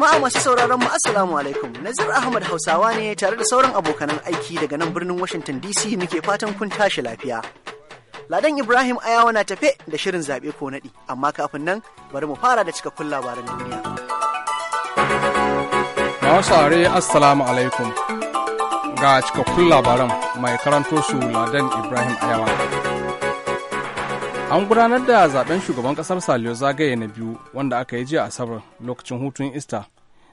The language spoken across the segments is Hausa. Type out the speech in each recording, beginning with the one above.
Jama'a masu sauraron mu Assalamu alaikum. Nazir Ahmad Hausawa ne tare da sauran abokanan aiki daga nan birnin Washington DC muke fatan kun tashi lafiya. Ladan Ibrahim Ayawa na tafe da shirin zaɓe ko naɗi, amma kafin nan bari mu fara da cikakkun labaran duniya. Masu are Assalamu alaikum. Ga cikakkun labaran mai karanto su Ladan Ibrahim Ayawa. an gudanar da zaben shugaban kasar saliyo zagaye na biyu wanda aka yi jiya asabar lokacin hutun ista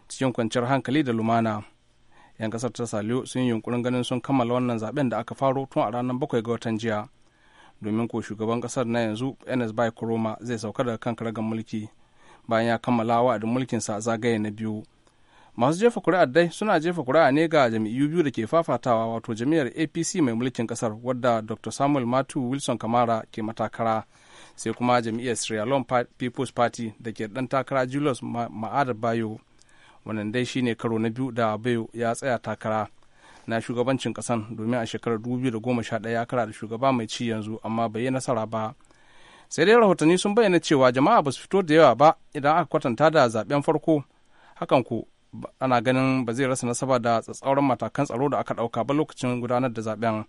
cikin kwanciyar hankali da lumana yan kasar ta saliyo sun yi yunkurin ganin sun kammala wannan zaben da aka faro tun a ranar bakwai ga watan jiya domin ko shugaban kasar na yanzu ns bai kuroma zai sauka daga kan karagar mulki bayan ya kammala wa'adin mulkinsa sa zagaye na biyu masu jefa kuri'a dai suna jefa kuri'a ne ga jam'iyyu biyu da ke fafatawa wato jami'ar apc mai mulkin kasar wadda dr samuel matu wilson kamara ke matakara sai kuma jam'iyyar sierra leone people's party da ke dan takara julius ma'ada bayo wannan dai shine karo na biyu da bayo ya tsaya takara na shugabancin kasan domin a shekarar 2011 ya kara da shugaba mai ci yanzu amma bai yi nasara ba sai dai rahotanni sun bayyana cewa jama'a ba su fito da yawa ba idan aka kwatanta da zaben farko hakan ko ana ganin ba zai rasa nasaba da tsatsauran matakan tsaro da aka ɗauka ba lokacin gudanar da zaben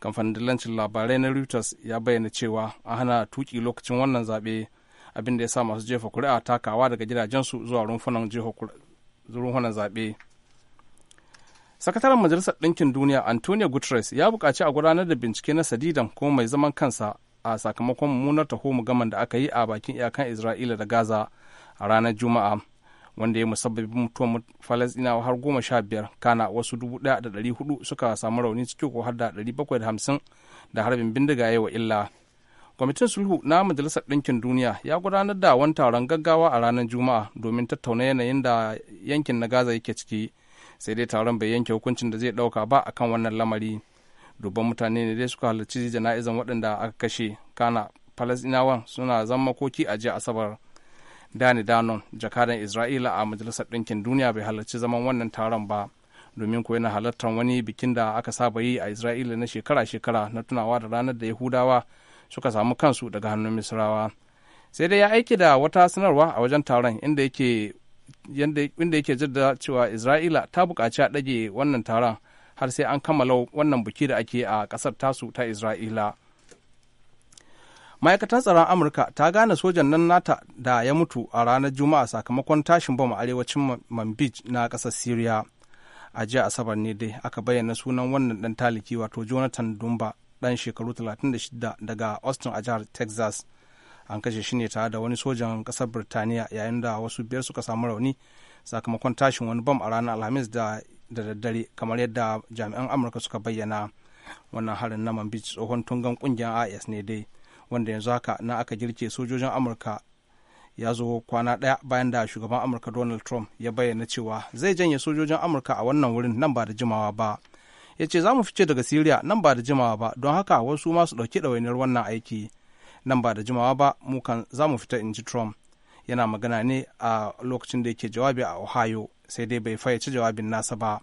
kamfanin dillancin labarai na reuters ya bayyana cewa a hana tuki lokacin wannan zaɓe abin da ya sa masu jefa kuri'a takawa daga gidajensu zuwa rumfunan zaɓe sakataren majalisar ɗinkin duniya antonio guterres ya buƙaci a gudanar da bincike na sadidan ko mai zaman kansa a sakamakon mummunar taho gaman da aka yi a bakin iyakan isra'ila da gaza a ranar juma'a wanda ya musabbabi mutuwar falasɗinawa har goma sha biyar kana wasu dubu daya da dari hudu suka samu rauni ciki ko har da dari bakwai da hamsin da harbin bindiga ya wa illa kwamitin sulhu na majalisar ɗinkin duniya ya gudanar da wani taron gaggawa a ranar juma'a domin tattauna yanayin da yankin na gaza yake ciki sai dai taron bai yanke hukuncin da zai ɗauka ba akan wannan lamari dubban mutane ne dai suka halarci jana'izan waɗanda aka kashe kana falasɗinawan suna zan makoki a jiya asabar dani danon jakadan isra'ila a majalisar ɗinkin duniya bai halarci zaman wannan taron ba domin ko yana halartar wani bikin da aka saba yi a isra'ila na shekara-shekara na tunawa da ranar da yahudawa suka samu kansu daga hannun misrawa sai dai ya aiki da wata sanarwa a wajen taron inda yake inda yake jaddada cewa isra'ila ta buƙaci a ɗage wannan taron har sai an kammala wannan biki da ake a ƙasar tasu ta isra'ila ma'aikatar tsaron amurka ta gane sojan nan nata da ya mutu a ranar juma'a sakamakon tashin bom a arewacin manbij na ƙasar syria a jiya asabar ne dai aka bayyana sunan wannan dan taliki wato jonathan dumba dan shekaru 36 daga austin a jihar texas an kashe shi ne tare da wani sojan kasar birtaniya yayin da wasu biyar suka samu rauni sakamakon tashin wani bom a ranar alhamis da daddare kamar yadda jami'an amurka suka bayyana wannan harin na manbij tsohon tungan kungiyar is ne dai wanda yanzu haka na aka girke sojojin amurka ya zo kwana ɗaya bayan da shugaban amurka donald trump ya bayyana cewa zai janye sojojin amurka a wannan wurin nan ba da jimawa ba ya ce za mu fice daga siriya nan ba da jimawa ba don haka wasu masu su ɗauki ɗawainiyar wannan aiki nan ba da jimawa ba mu kan za mu fita in ji trump yana magana ne a lokacin da yake jawabi a ohio sai dai bai fayyace jawabin nasa ba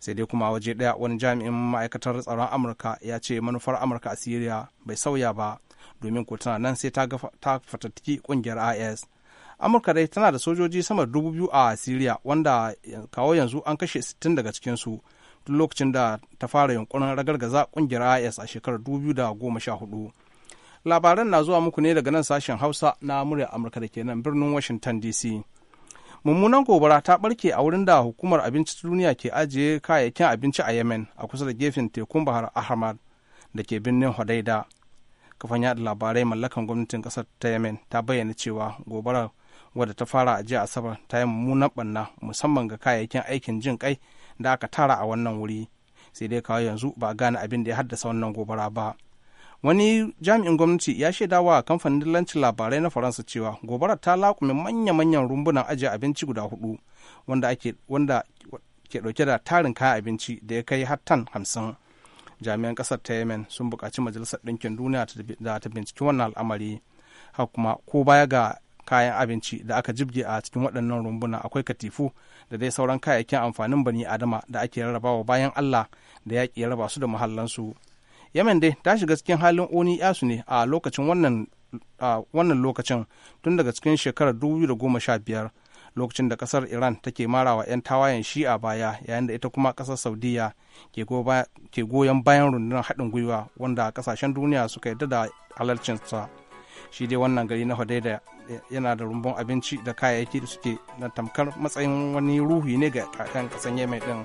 sai dai kuma waje ɗaya wani jami'in ma'aikatar tsaron amurka ya ce manufar amurka a siriya bai sauya ba domin ko tana nan sai ta fatattaki kungiyar is amurka dai tana da sojoji sama dubu biyu a syria wanda kawo yanzu an kashe 60 daga cikinsu tun lokacin da ta fara yunkurin ragargaza kungiyar is a shekarar hudu. labaran na zuwa muku ne daga nan sashen hausa na murya amurka da ke nan birnin washington dc mummunan gobara ta barke a wurin da hukumar abinci ta duniya ke ajiye kayayyakin abinci a yemen a kusa da gefen tekun bahar ahmad da ke birnin hodaida kafan yada labarai mallakan gwamnatin kasar ta yemen ta bayyana cewa gobarar wadda ta fara a jiya asabar ta yi mummunan banna musamman ga kayayyakin aikin jin kai da aka tara a wannan wuri sai dai kawai yanzu ba a gane abin da ya haddasa wannan gobara ba wani jami'in gwamnati ya shaida wa kamfanin dillancin labarai na faransa cewa gobarar ta lakume manya-manyan rumbunan ajiye abinci guda hudu wanda ke dauke da tarin kayan abinci da ya kai hattan hamsin jami'an kasar ta yemen sun buƙaci majalisar ɗinkin duniya da ta binciki wannan al'amari haka kuma ko baya ga kayan abinci da aka jibge a cikin waɗannan rumbuna akwai katifu da dai sauran kayayyakin amfanin bani adama da ake rarrabawa bayan allah da yaƙi ya raba su da muhallansu yemen dai ta shiga cikin halin oni yasu ne a lokacin wannan lokacin tun daga cikin shekarar 2015 lokacin da kasar iran take marawa 'yan tawayen shi'a baya yayin da ita kuma kasar saudiya ke goyon bayan rundunar haɗin gwiwa wanda kasashen duniya suka yadda da halarcinsa shi dai wannan gari na hodeida yana da rumbun abinci da kayayyaki da suke na tamkar matsayin wani ruhi ne ga 'yan kasan yemen din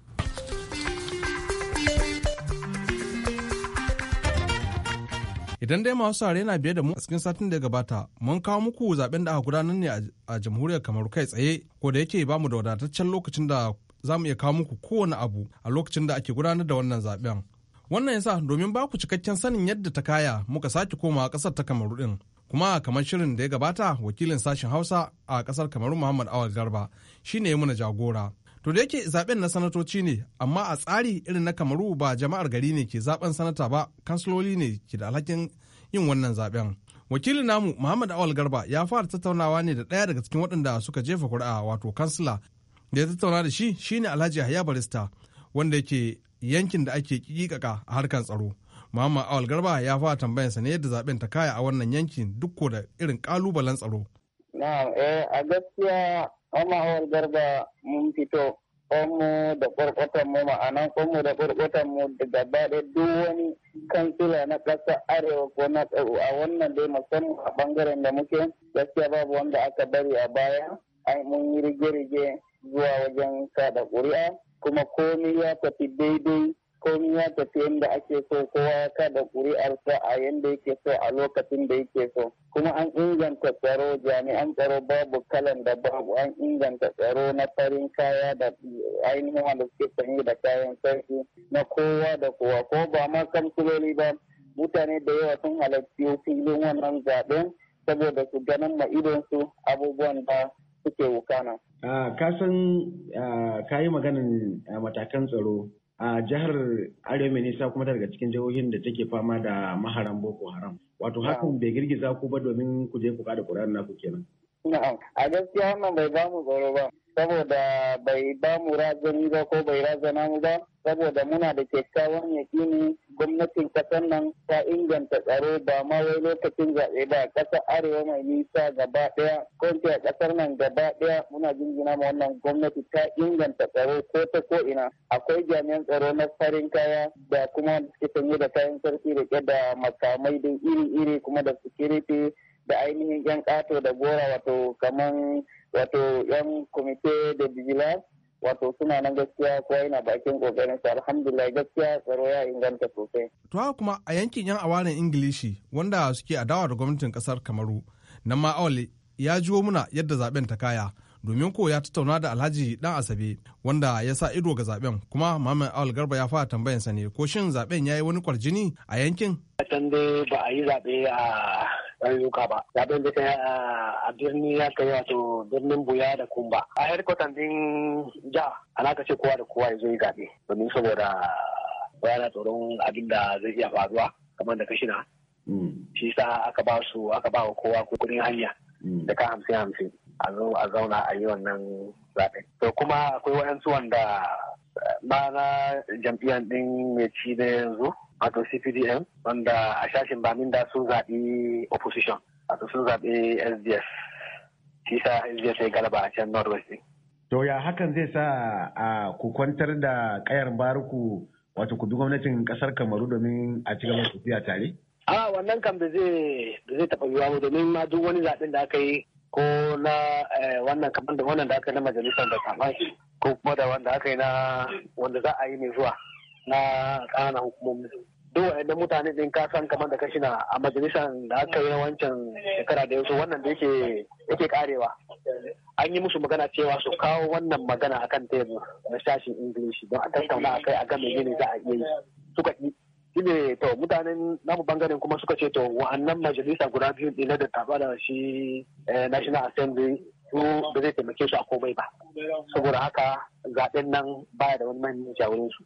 Idan dai masu sare yana biye da mu a cikin satin da ya gabata, mun kawo muku zaben da aka gudanar ne a jamhuriyar Kamaru kai tsaye, ko da yake ba mu da wadataccen lokacin da za mu iya kawo muku kowane abu a lokacin da ake gudanar da wannan zaben. Wannan yasa domin ba ku cikakken sanin yadda ta kaya muka sake komawa kasar ta Kamaru din Kuma kamar shirin da ya gabata wakilin sashen Hausa a kasar Kamaru Muhammad Awal Garba shi ne ya muna jagora. To da yake zaben na sanatoci ne, amma a tsari irin na kamaru ba jama'ar gari ne ke zaben sanata ba, kansiloli ne ke da alhakin yin wannan zaben. Wakilin namu Muhammad Awal Garba ya fara tattaunawa ne da ɗaya daga cikin waɗanda suka jefa kuri'a wato kansila. Da ya tattauna da shi shine Alhaji Yahaya Barista wanda yake yankin da ake kikaka a harkar tsaro. Muhammad Awal Garba ya fara tambayarsa ne yadda zaben ta kaya a wannan yankin duk da irin kalubalen tsaro. Na'am eh, a gaskiya Amma garba mun fito mu da ƙwarƙwatar mu ma'anan mu da ƙwarƙwatar mu da gaba da duk wani kansila na ƙasa arewa ko na a wannan dai musamman a ɓangaren da muke gaskiya babu wanda aka bari a baya ai mun yi rige-rige zuwa wajen kada ƙuri'a kuma komai ya tafi daidai komi ya tafi yadda ake so kowa ya kada ƙuri'arsa a yadda yake so a lokacin da yake so kuma an inganta tsaro jami'an tsaro babu kalan da babu an inganta tsaro na farin kaya da ainihin wanda suke sanyi da kayan sarki na kowa da kowa ko ba ma kamsuloli ba mutane da yawa sun halarci filin wannan zaɓen saboda su ganin ma su abubuwan da suke wukana. Ah, ka san ah, ka yi maganin ah, matakan tsaro a jihar arewa nisa kuma daga cikin jihohin da take fama da maharan boko haram wato hakan bai girgiza ku ba domin ku je ku kada ƙuri'ar naku kenan a gaskiya wannan bai ba mu tsoro ba saboda bai ba mu razani ba ko bai razana mu ba saboda muna da kyakkyawan yakini gwamnatin kasar nan ta inganta tsaro ba ma wai lokacin zaɓe ba ƙasar arewa mai nisa gaba ɗaya ko a ƙasar nan gaba ɗaya muna jinjina ma wannan gwamnati ta inganta tsaro ko ta ko ina akwai jami'an tsaro na farin kaya da kuma suke sanye da kayan sarki da da makamai dai iri-iri kuma da security da ainihin yan ƙato da gora wato kaman wato yan komite da vigilance wato suna nan gaskiya kowa yana bakin kokarin su alhamdulillah gaskiya tsaro ya inganta sosai. To kuma a yankin yan awarin ingilishi wanda suke adawa da gwamnatin kasar kamaru nan ma awale ya jiwo muna yadda zaben ta kaya domin ko ya tattauna da alhaji dan asabe wanda ya sa ido ga zaben kuma maman awal garba ya fara tambayan sa ne ko shin zaben ya yi wani kwarjini a yankin. can dai ba a yi zaɓe a ɗan ba zaben da kai a birni ya kai wato birnin buya da kumba a hedkwatan din ja ana ka ce kowa da kowa ya zo yi zaɓe domin saboda na tsoron abin da zai iya faruwa kamar da kashina mm. shi sa aka ba su aka ba wa kowa kudin hanya mm. da ka hamsin hamsin a zo a zauna a yi wannan zaɓe to kuma akwai waɗansu wanda eh, ba na jam'iyyar ɗin mai ci da yanzu wato cpdm wanda a shashin baminda sun zaɓi opposition wato sun zaɓi sds kisa sds ya galaba a can northwest to ya hakan zai sa a ku kwantar da kayar baruku wato ku bi gwamnatin kasar kamaru domin a ci gaba tafiya tare a wannan kam da zai da zai taɓa yiwuwa domin ma duk wani zaɓen da aka yi ko na eh, wannan kamar da wannan da aka yi na majalisar da kama ko kuma da wanda aka yi na wanda za a yi mai zuwa na ƙananan hukumomin duk waɗannan mutane din ka san kamar da ka shina a majalisar da aka yi wancan shekara da yanzu wannan da yake karewa an yi musu magana cewa su kawo wannan magana a kan tebur na shashin ingilishi don a tattauna a kai a game yini za a iya yi suka ki ne to mutanen namu bangaren kuma suka ce to wa'annan majalisa guda biyu ɗin na taɓa da shi eh, national assembly su ba zai taimake su a komai ba saboda haka zaɓen nan baya da wani mahimmanci a wurin su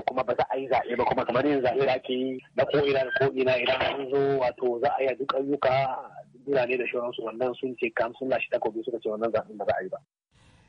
kuma ba za a yi zaɓe ba kuma kamar yin zaɓe da ake yi na ko ina da ko ina idan an zo wato za a yi duk ayyuka birane da shauransu wannan sun ce kam sun lashe takobi suka ce wannan zaɓen ba za a yi ba.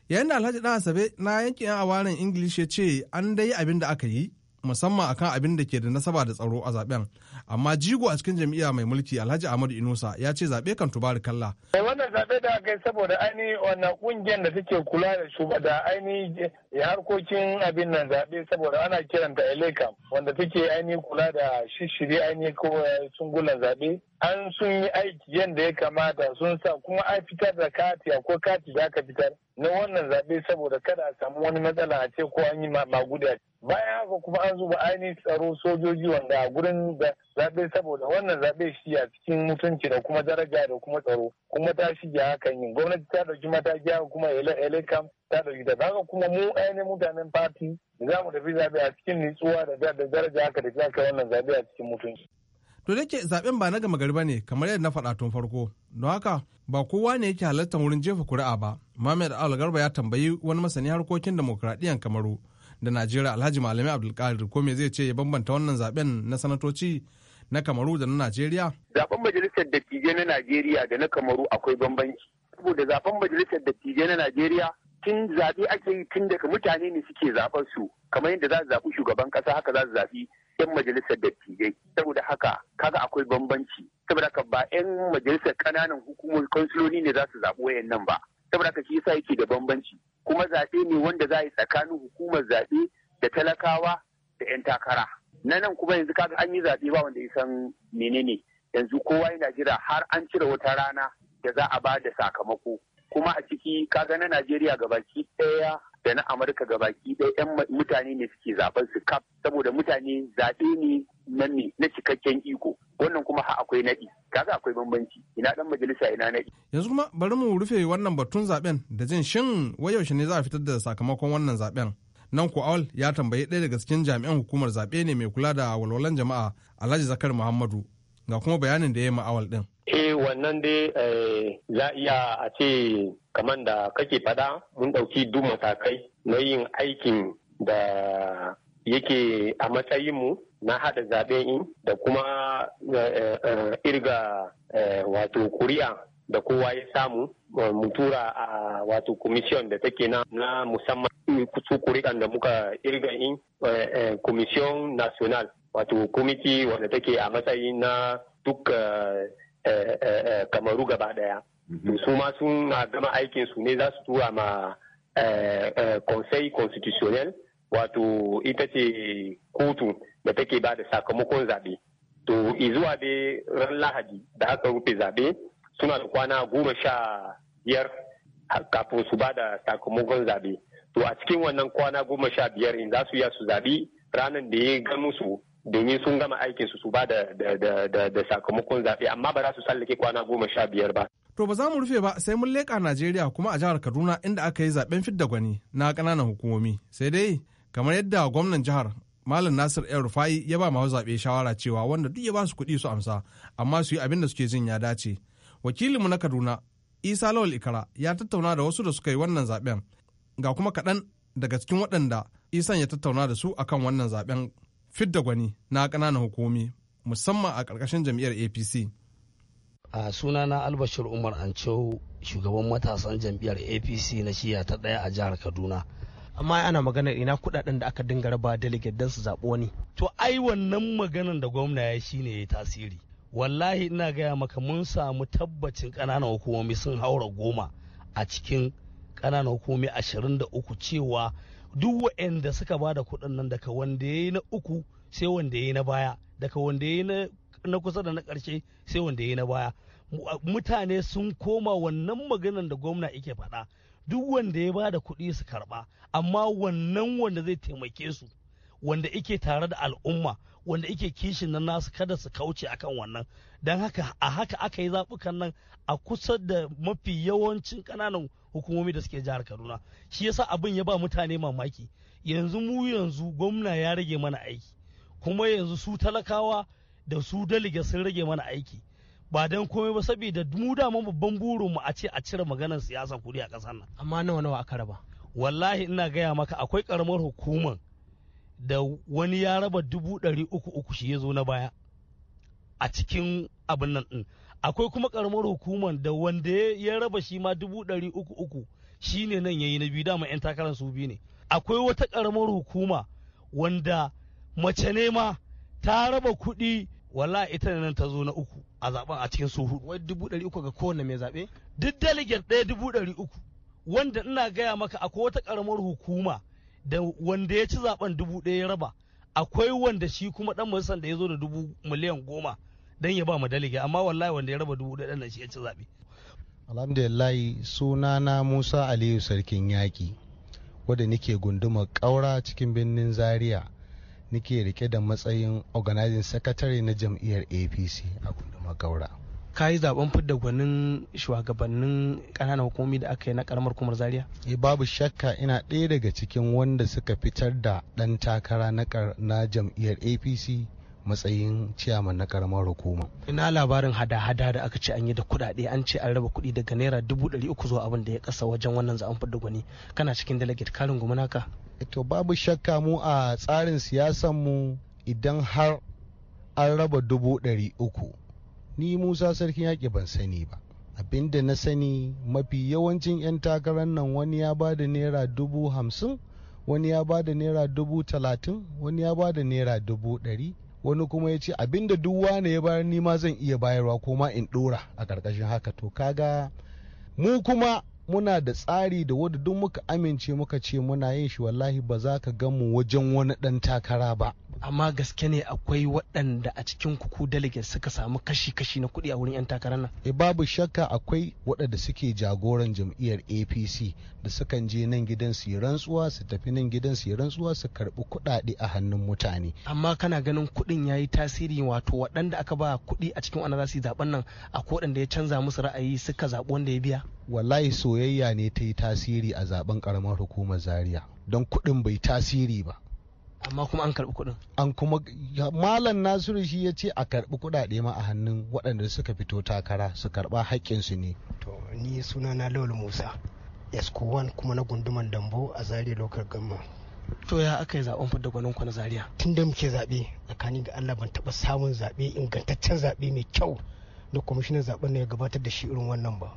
yayin da alhaji ɗan asabe na yankin yan awarin english ya ce an dai abin da aka yi musamman akan abin da ke da nasaba da tsaro a zaben amma jigo a cikin jam'iyya mai mulki alhaji ahmadu inusa ya ce zaɓe kan tubari kalla. Eh, wannan zaɓe da aka yi saboda ainihin wannan ƙungiyar da take kula da shuba da ainihin harkokin abin nan zaɓe saboda ana kiranta elekam wanda take ainihin kula da shishiri ainihin ko eh, sungulan zaɓe an sun yi aiki yadda ya kamata sun sa kuma an fitar da kati ko kati da aka fitar na wannan zaɓe saboda kada a samu wani matsala a ce ko an yi maguda bayan haka kuma an zuba ainihin tsaro sojoji wanda a gurin da zaɓe saboda wannan zaɓe shi a cikin mutunci da kuma daraja da kuma tsaro kuma ta shige hakan yin gwamnati ta ɗauki mataki haka kuma elekam ta ɗauki da haka kuma mu ainihin mutanen fati da za mu tafi zaɓe a cikin nutsuwa da daraja haka da ke wannan zaɓe a cikin mutunci. To da yake zaben ba na gama gari ba ne kamar yadda na faɗa tun farko, don haka ba kowa ne yake halartar wurin jefa kuri'a ba. Mohamed Al Garba ya tambayi wani masani harkokin demokuraɗiyyar Kamaru da Najeriya Alhaji Malami Abdulkadir ko me zai ce ya bambanta wannan zaben na sanatoci na Kamaru da na Najeriya? Zaben majalisar dattijai na Najeriya da na Kamaru akwai bambanci. Saboda zaben majalisar dattijai na Najeriya tun zaɓe ake yi tun daga mutane ne suke zaɓar su kamar yadda za su zaɓi shugaban ƙasa haka za su zaɓi 'yan majalisar dattijai saboda haka kaga akwai bambanci saboda haka ba 'yan majalisar ƙananan hukumar kansiloli ne za su zaɓi wayannan ba saboda haka shi yasa yake da bambanci kuma zaɓe ne wanda za a yi tsakanin hukumar zaɓe da talakawa da 'yan takara na nan kuma yanzu kaga an yi zaɓe ba wanda ya san menene yanzu kowa yana jira har an cire wata rana da za a ba da sakamako kuma a ciki kaga na Najeriya gabaki ɗaya da na Amurka gabaki ɗaya 'yan mutane ne suke zaben su kaf saboda mutane zaɓe ne na ne na cikakken iko wannan kuma ha akwai naɗi kaga akwai bambanci ina ɗan majalisa ina naɗi. Yanzu kuma bari mu rufe wannan batun zaɓen da jin shin wayaushe ne za a fitar da sakamakon wannan zaɓen. nan awal ya tambayi ɗaya daga cikin jami'an hukumar zaɓe ne mai kula da walwalan jama'a alhaji zakar muhammadu ga kuma bayanin da ya yi ma'awal ɗin. wannan dai eh, za iya a ce kamar da kake faɗa mun ɗauki duk matakai na yin aikin da yake a matsayinmu na haɗa zaɓe in da kuma eh, eh, irga wato kuriya da kowa ya samu mu tura a wato commission da take na musamman su kuri'an da muka irga in commission national wato komiti wanda take a matsayin na duk Eh, eh, kamaru gaba daya mhm. su ma sun gama aikin su ne za su tura ma eh, conseil constitutionnel wato ita ce kotu da take ba da sakamakon zaɓe to zuwa dai ran lahadi da aka rufe zaɓe suna da kwana goma sha biyar kafin su ba da sakamakon zaɓe to a cikin wannan kwana goma sha biyar in za su ya su zaɓi ranar da ya gan musu domin sun gama aikin su su ba da sakamakon zaɓe amma ba za su sallake kwana goma sha biyar ba. To ba za mu rufe ba sai mun leƙa Najeriya kuma a jihar Kaduna inda aka yi zaben fidda gwani na ƙananan hukumomi sai dai kamar yadda gwamnan jihar Malam Nasir El Rufai ya ba masu zaɓe shawara cewa wanda duk ya ba su kuɗi su amsa amma su yi abin da suke jin ya dace. Wakilinmu na Kaduna Isa Lawal Ikara ya tattauna da wasu da suka yi wannan zaɓen ga kuma kaɗan daga cikin waɗanda Isan ya tattauna da su akan wannan zaɓen fidda gwani na ƙananan hukumi musamman a ƙarƙashin jam'iyyar apc a sunana albashir umar Anco shugaban matasan jam'iyyar apc na shiya ta ɗaya a jihar kaduna amma ana magana ina kuɗaɗen da aka dinga raba delegate don su zaɓi wani to ai wannan maganar da gwamna ya shine ya tasiri wallahi ina gaya maka mun samu tabbacin ƙananan hukumomi sun haura goma a cikin ƙananan hukumomi ashirin da uku cewa duk waɗanda suka ba da kuɗin nan daga wanda ya yi na uku sai wanda ya yi na baya daga wanda ya yi na kusa da na ƙarshe sai wanda ya yi na baya mutane sun koma wannan maganar da gwamna yake faɗa duk wanda ya ba da kuɗi su karɓa amma wannan wanda zai taimake su wanda yake tare da al'umma wanda yake kishin na nasu kada su kauce akan wannan don haka a haka aka yi zaɓukan nan a kusa da mafi yawancin ƙananan hukumomi da suke jihar kaduna shi yasa abin ya ba mutane mamaki yanzu mu yanzu gwamna ya rage mana aiki kuma yanzu su talakawa da su dalige sun rage mana aiki ba don komai ba saboda mu dama babban burin mu a ce a cire maganar siyasa kuɗi a ƙasar nan amma nawa nawa aka raba wallahi ina gaya maka akwai ƙaramar hukumar da wani ya raba dubu ɗari uku uku shi ya zo na baya a cikin abin nan ɗin akwai kuma karamar hukumar da wanda ya raba shi ma dubu ɗari uku uku shi ne nan yayi na biyu dama 'yan takarar su biyu ne akwai wata karamar hukuma wanda mace ne ma ta raba kuɗi wala ita ne nan ta zo na uku a zaben a cikin su hudu wai dubu ɗari uku ga kowane mai zaɓe duk delegate ɗaya dubu ɗari uku wanda ina gaya maka akwai wata karamar hukuma da wanda ya ci zaben dubu ɗaya ya raba akwai wanda shi kuma ɗan majalisar da ya zo da dubu miliyan goma dan ya ba mu dalige amma wallahi wanda ya raba dubu ɗaya nan shi ya ci zaɓe. alhamdulillah sunana musa aliyu sarkin yaƙi wadda nike gunduma ƙaura cikin birnin zaria nike rike da matsayin organizing secretary na jam'iyyar apc a gunduma ƙaura ka yi zaben fidda gwanin shugabannin ƙananan hukumomi da aka yi na ƙaramar kumar zaria e babu shakka ina ɗaya daga cikin wanda suka fitar da ɗan takara na jam'iyyar apc matsayin ciyaman na karamar hukuma. Ina labarin hada-hada da aka ce an yi da kuɗaɗe an ce an raba kuɗi daga naira dubu ɗari uku zuwa abin da ya kasa wajen wannan za'an fadda gwani kana cikin delegate karin naka. Eh to babu shakka mu a tsarin siyasan mu idan har an raba dubu ɗari uku ni Musa sarkin yaƙi ban sani ba. abinda na sani mafi yawancin 'yan takarar nan wani ya ba da naira dubu hamsin wani ya ba da naira dubu talatin wani ya ba da naira dubu ɗari wani kuma ya ce abinda duk wane ya bayar ni ma zan iya bayarwa ko in dora a ƙarƙashin haka to kaga mu kuma muna da tsari da wadda duk muka amince muka ce muna yin shi wallahi ba za ka gan mu wajen wani dan takara ba. Amma gaske ne akwai waɗanda a cikin kuku delegates suka samu kashi-kashi na kuɗi a wurin 'yan takarar nan. E babu shakka akwai waɗanda suke jagoran jam'iyyar APC da sukan je nan gidan su yi rantsuwa su tafi nan gidan su yi rantsuwa su karɓi kuɗaɗe a hannun mutane. Amma kana ganin kuɗin ya yi tasiri wato waɗanda aka ba kuɗi a cikin wanda za su yi zaɓen nan akwai waɗanda ya canza musu ra'ayi suka zaɓi wanda ya biya. Wallahi so soyayya ne ta yi tasiri a zaben karamar hukumar zaria don kuɗin bai tasiri ba amma kuma an karɓi kuɗin an kuma malam nasiru shi ya ce a karbi kuɗaɗe ma a hannun waɗanda suka fito takara su karɓa haƙƙinsu ne to ni suna na lawal musa esko wan kuma na gunduman dambo a zaria lokar gamma to ya aka yi zaben fadda gwanin na zaria tun da muke zaɓe tsakanin ga allah ban taɓa samun zaɓe ingantaccen zaɓe mai kyau da kwamishinan zaɓen na ya gabatar da shi irin wannan ba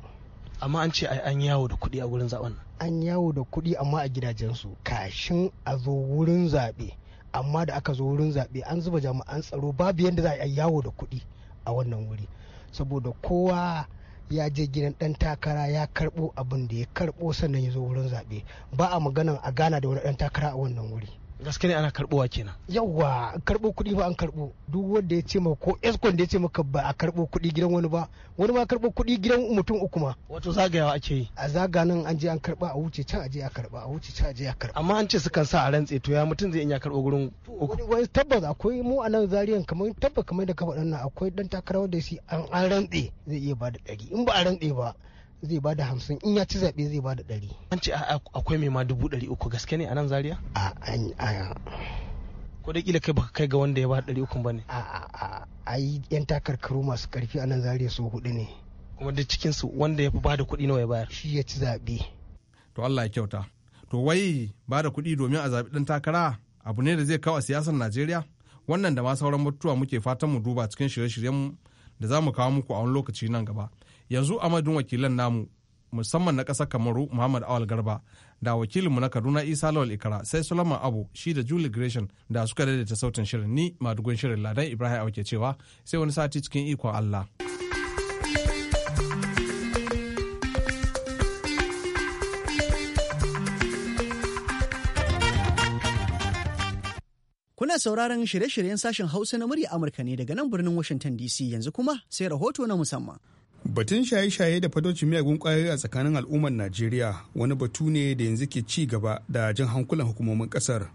amma an ce an yawo da kuɗi a wurin zaben an yawo da kuɗi amma a gidajensu kashin a zo wurin zaɓe amma da aka zo wurin zaɓe an zuba jami'an tsaro babu yadda za a yawo da kuɗi a wannan wuri saboda kowa ya je gidan ɗan takara ya karɓo abin da ya karɓo sannan ya zo wurin zaɓe ba a magana a gana da wani ɗan takara a wannan wuri gaske ne ana karbowa kenan yawa karbo kuɗi ba an karbo duk wanda ya ce ma ko eskon da ya ce maka ba a karbo kuɗi gidan wani ba wani ma karbo kuɗi gidan mutum uku ma wato zagayawa ake yi a zaga nan an je an karba a wuce can aje a karba a wuce can aje a karba amma an ce sukan sa a rantse to ya mutum zai iya karbo gurin uku Wani tabbas akwai mu a nan zariyan kamar tabbas kamar da ka faɗa nan akwai dan takara wanda shi an rantse zai iya ba da ɗari in ba a rantse ba zai bada hamsin in ya ci zaɓe zai bada ɗari. An ce akwai mai ma dubu ɗari uku gaske ne a nan Zaria? A a Ko da kila kai baka kai ga wanda ya bada ɗari uku ba ne? A a ai yan takarkaru masu karfi a nan Zaria su hudu ne. Kuma da cikin su wanda ya fi bada kuɗi nawa ya bayar? Shi ya ci zaɓe. To Allah ya kyauta. To wai bada kuɗi domin a zaɓi ɗan takara abu ne da zai kawo a siyasar Najeriya? Wannan da ma sauran mutuwa muke fatan mu duba cikin shirye-shiryen da za mu kawo muku a wani lokaci nan gaba yanzu a wakilan namu musamman na ƙasar kamaru muhammad awal garba da wakilinmu na kaduna isa lawal ikara sai sulaiman abu shi da julie gresham da suka daidaita sautin shirin ni madugun shirin ladan ibrahim auke cewa sai wani sati cikin ikon allah. Kuna sauraron shirye-shiryen sashen Hausa na murya Amurka ne daga nan birnin Washington DC yanzu kuma sai rahoto na musamman. Batun shaye-shaye da fadocin miyagun kwayoyi a tsakanin al'ummar Najeriya wani batu ne da yanzu ke ci gaba da jin hankulan hukumomin kasar.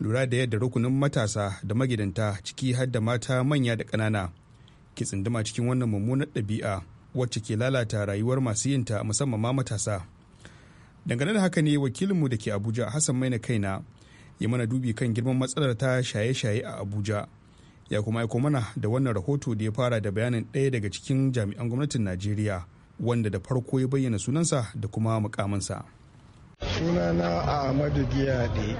Lura da yadda rukunin matasa da magidanta ciki har da mata manya da ƙanana ke tsinduma cikin wannan mummunar ɗabi'a wacce ke lalata rayuwar masu yinta musamman ma matasa. Dangane da haka ne wakilinmu da ke Abuja Hassan Maina kaina ya mana dubi kan girman matsalar ta shaye-shaye a abuja ya kuma aiko mana da wannan rahoto da ya fara da bayanin ɗaya daga cikin jami'an gwamnatin najeriya wanda da farko ya bayyana sunansa da kuma mukaminsa sunana ahmadu giyade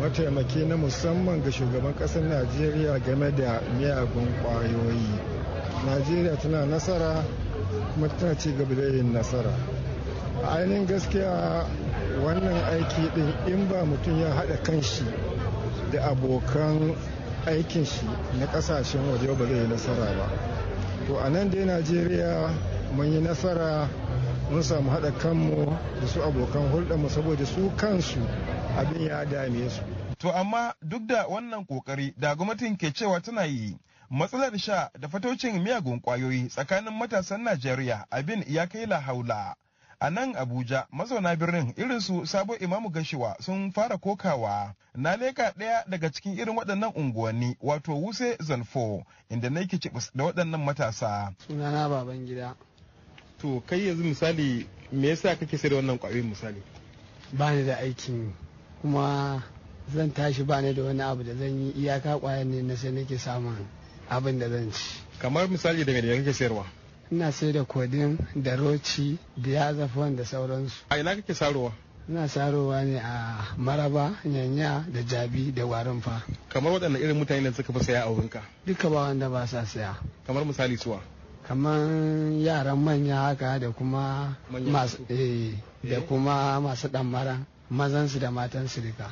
mataimaki na musamman ga shugaban ƙasar najeriya game da miyagun kwayoyi najeriya tana nasara kuma tana ci gaba da yin nasara a ainihin gaskiya wannan aiki din in ba mutum ya haɗa kanshi da abokan aikin shi na ƙasashen waje ba zai yi nasara ba to a nan dai najeriya mun yi nasara mun samu haɗa kanmu da su abokan hulɗarmu saboda su kansu abin ya dame su to amma duk da wannan ƙoƙari da gwamnatin ke cewa tana yi matsalar sha da fatocin miyagun kwayoyi tsakanin matasan najeriya abin ya kai lahaula A nan Abuja mazauna birnin irin su sabo imamu gashiwa sun fara kokawa. Na leka ɗaya daga cikin irin waɗannan unguwanni wato wuse zanfo inda na yake cibis da waɗannan matasa. Sunana baban gida. To kai yanzu misali me yasa kake sai da wannan ƙwayoyin misali? Ba ni da aikin kuma zan tashi ba ni da wani abu da zan yi iyaka ƙwayar ne na sai nake samun abin da zan ci. Kamar misali da me kake sayarwa? ina sai da kodin da roci da yazafon da sauransu a ina kake sarowa ina sarowa ne a maraba nyanya da jabi da warin fa kamar waɗanda irin mutane da suka fi saya a wurinka duka ba wanda ba sa saya kamar misali suwa kamar yaran manya haka da kuma masu eh, da eh? kuma masu mazan mazansu da matansu duka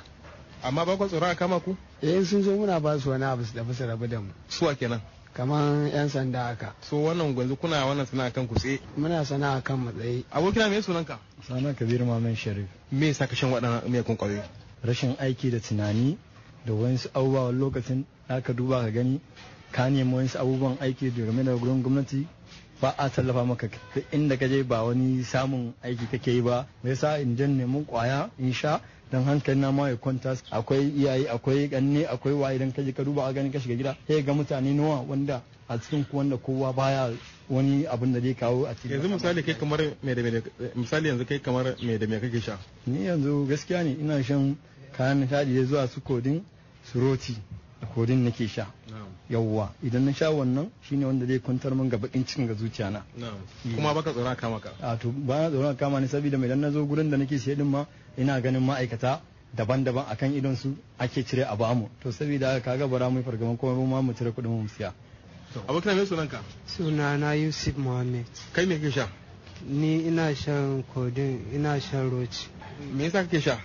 amma ba ku tsoro a kama ku eh sun zo muna ba su wani abu su tafi su rabu da mu suwa kenan kamar yan sanda haka so wannan gwanzu kuna wannan sana'a kan kutse muna sana'a kan matsayi abokina me sunanka sana kabir maman sharif me yasa ka shan waɗannan kun ƙwayoyi rashin aiki da tunani da wasu abubuwa lokacin da aka duba ka gani ka nemi wasu abubuwan aiki da game da gurin gwamnati ba a tallafa maka inda ka je ba wani samun aiki kake yi ba me yasa in jan neman kwaya in sha dan hankali na ma ya kwanta akwai iyaye akwai ganni akwai waye idan ka je ka duba a ganin ka shiga gida sai ga mutane nawa wanda a cikin ku wanda kowa baya wani abin da zai kawo a cikin yanzu misali kai kamar me da me misali yanzu kai kamar me da me kake sha ni yanzu gaskiya ne ina shan kayan nishadi zuwa su kodin su roti Korin nake sha yawwa idan na sha wannan shine wanda zai kwantar min ga bakin cikin ga zuciya na kuma baka tsoron kama ka a to ba na tsoron kama ne saboda idan na zo gurin da nake siye din ma ina ganin ma'aikata daban-daban akan idon su ake cire a bamu to saboda haka kaga bara mu fargaban kuma ma mu cire kuɗin mu siya abokan me sunan ka sunana Yusuf Muhammad kai me ke sha ni ina shan kodin ina shan roci me yasa kake sha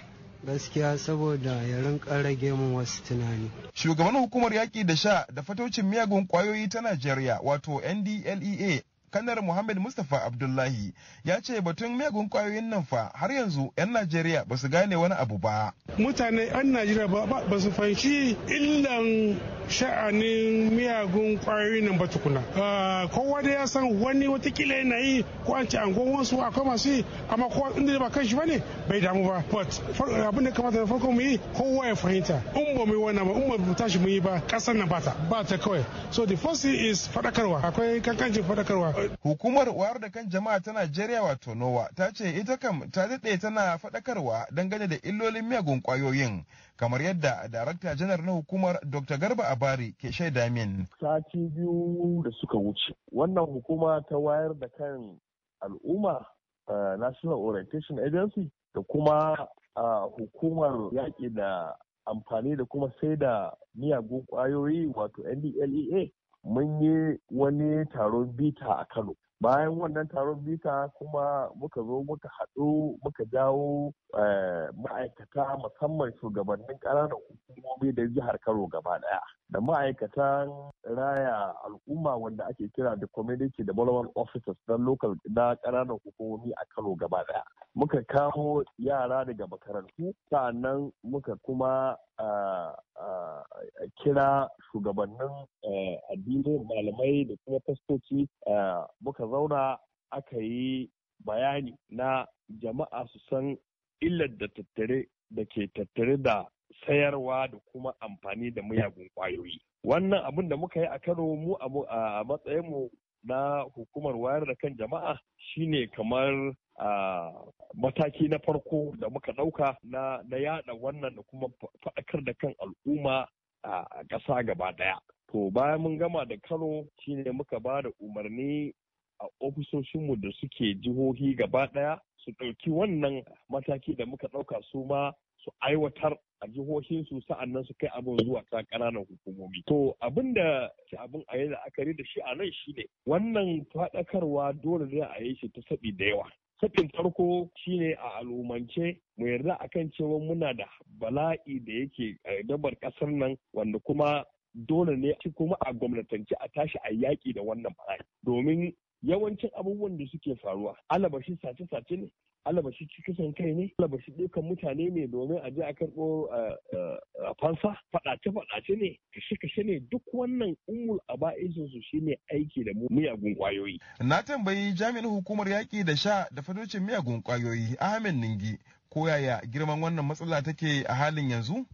gaskiya saboda ya rinka rage mun wasu tunani. Shugaban hukumar yaƙi da sha da fatocin miyagun ƙwayoyi ta Najeriya wato NDLEA kanar Muhammad Mustapha Abdullahi ya ce batun miyagun kwayoyin nan fa har yanzu 'yan Najeriya ba su gane wani abu ba. Mutane 'yan Najeriya ba su fahimci illan sha'anin miyagun kwayoyin nan ba tukuna. Ah, kowa da ya san wani watakila yana yi ko an ce wasu a kuma su amma kowa inda ba kan shi ba ne bai damu ba. But abin kamata da farko mu yi kowa ya fahimta. In ba mu yi wannan ba in ba mu tashi mu yi ba ƙasar nan ba ta ba ta kawai. So the first thing is faɗakarwa akwai kankancin faɗakarwa Hukumar wayar da kan jama'a ta Najeriya wato NOWA ta ce ita kam ta daɗe tana faɗakarwa dangane da illolin miyagun kwayoyin, kamar yadda darakta janar na hukumar Dr. Garba Abari ke shaida min. Sati biyu da suka wuce. Wannan hukuma ta wayar da kan al'umma National Orientation Agency da kuma uh, hukumar yaƙi da amfani da kuma sai da miyagun kwayoyi wato NDLEA mun yi wani taron bita a Kano. Bayan wannan taron bita kuma muka zo muka haɗu muka jawo eh, ma'aikata musamman shugabannin ƙananan hukumomi da jihar Kano gaba ɗaya. Da ma'aikatan raya al'umma wanda ake kira da community development officers na local na ƙananan hukumomi a Kano gaba ɗaya. Muka kawo yara daga makarantu sa'annan muka kuma a kira shugabannin eh, addinai malamai da kuma fastoci eh, muka zauna aka yi bayani na jama'a su san illar da tattare da ke tattare da sayarwa da kuma amfani da miyagun kwayoyi. Wannan abin da muka yi a Kano mu a matsayinmu na hukumar wayar da kan jama'a shine kamar a mataki na farko da muka ɗauka na yada wannan da kuma faɗakar da kan al'umma a ƙasa gaba ɗaya. To bayan mun gama da Kano shine muka ba da umarni a ofisoshinmu da suke jihohi gaba ɗaya su ɗauki wannan mataki da muka ɗauka su ma su aiwatar a jihohinsu nan su kai abin zuwa ta ƙananan hukumomi. To abin da abin a yi la'akari da shi a nan shi ne wannan faɗakarwa dole ne a yi shi ta saɓi da yawa. Saɓin farko shi ne a al'umance mu yarda akan cewa muna da bala'i da yake dabar ƙasar nan wanda kuma dole ne a kuma a gwamnatance a tashi a yaƙi da wannan bala'i domin yawancin abubuwan da suke faruwa alabashi sace-sace ne alabashi kisan kai ne alabashi dukan mutane ne domin a je a karɓo fansa faɗace-faɗace ne kashe-kashe ne duk wannan umul ba'isin su shine aiki da mu. miyagun kwayoyi. na tambayi jami'in hukumar yaƙi da sha da fadocin miyagun kwayoyi ahmed ningi ko yaya girman wannan matsala take a halin yanzu?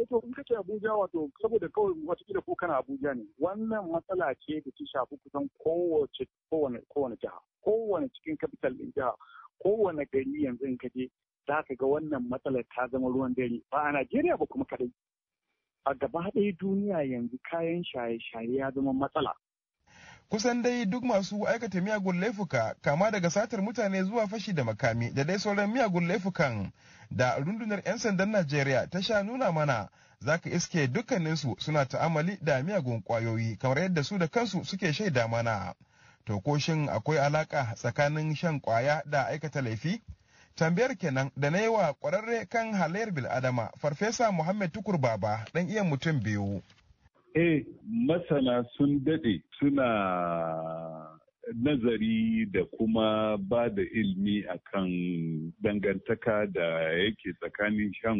eh to in kace Abuja wato saboda kawai watakila ko kana Abuja ne wannan matsala ce da ta shafi kusan kowace kowane kowane jiha kowane cikin capital din jiha kowane gari yanzu in je za ka ga wannan matsalar ta zama ruwan dare ba a Najeriya ba kuma kadai a gaba ɗaya duniya yanzu kayan shaye-shaye ya zama matsala kusan dai duk masu aikata miyagun laifuka kama daga satar mutane zuwa fashi da makami da dai sauran miyagun laifukan da rundunar 'yan sandan Najeriya ta sha nuna mana za ka iske dukkaninsu suna ta'amali da miyagun kwayoyi kamar yadda su da kansu suke shaida mana. To ko shin akwai alaka tsakanin shan kwaya da aikata laifi? Tambayar kenan da na yi wa ƙwararre kan halayyar bil'adama Farfesa Muhammad Tukur Baba ɗan iya mutum biyu. Eh, masana sun daɗe suna nazari da kuma ba da ilmi kan dangantaka da yake tsakanin shan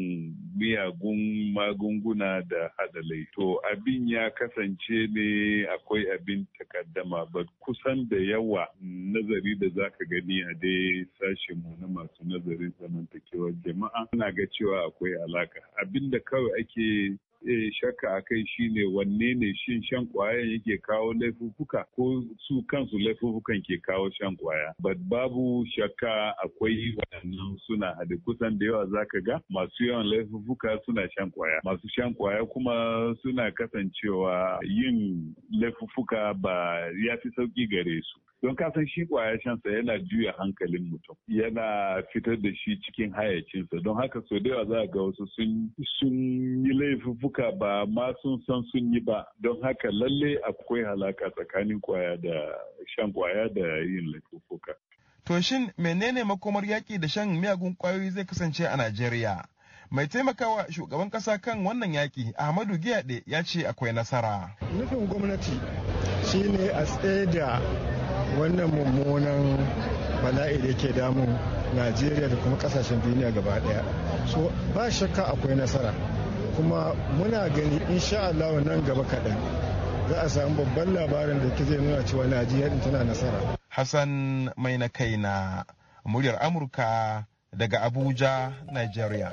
miyagun magunguna da hadalai. laito. abin ya kasance ne akwai abin takaddama ba kusan da yawa nazari da za ka gani a dai sashen mu na masu nazarin zamantakewar jama'a ana ga cewa akwai alaka. Abin da kawai ake Eh, shakka a kai shine wanne ne shin shan kwayan yake kawo laifuffuka ko su kansu laifuffukan ke kawo shan kwaya but babu shakka akwai waɗannan suna hada kusan da yawa zaka ga masu yawan laifuffuka suna shan kwaya masu shan kwaya kuma suna kasancewa yin laifuffuka ba ya fi sauki gare su don kasan shi kwaya shansa yana juya hankalin mutum yana fitar da shi cikin hayacinsa don haka so da yawa za ga wasu sun yi laifuffuka ba ma sun san sun yi ba don haka lalle akwai halaka tsakanin kwaya da shan kwaya da yin laifuffuka. To shin menene makomar yaƙi da shan miyagun kwayoyi zai kasance a Najeriya? mai taimakawa shugaban kasa kan wannan yaki ahmadu giyade ya ce akwai nasara nufin gwamnati shine a tsaye da wannan mummunan bala'i da ke damun najeriya da kuma kasashen duniya gaba daya so ba shakka akwai nasara kuma muna gani insha Allah nan gaba kaɗan za a samu babban labarin da ke zai nuna cewa najeriya tana nasara hassan mai na kai na muryar amurka daga abuja nigeria